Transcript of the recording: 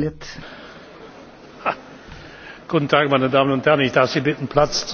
председателят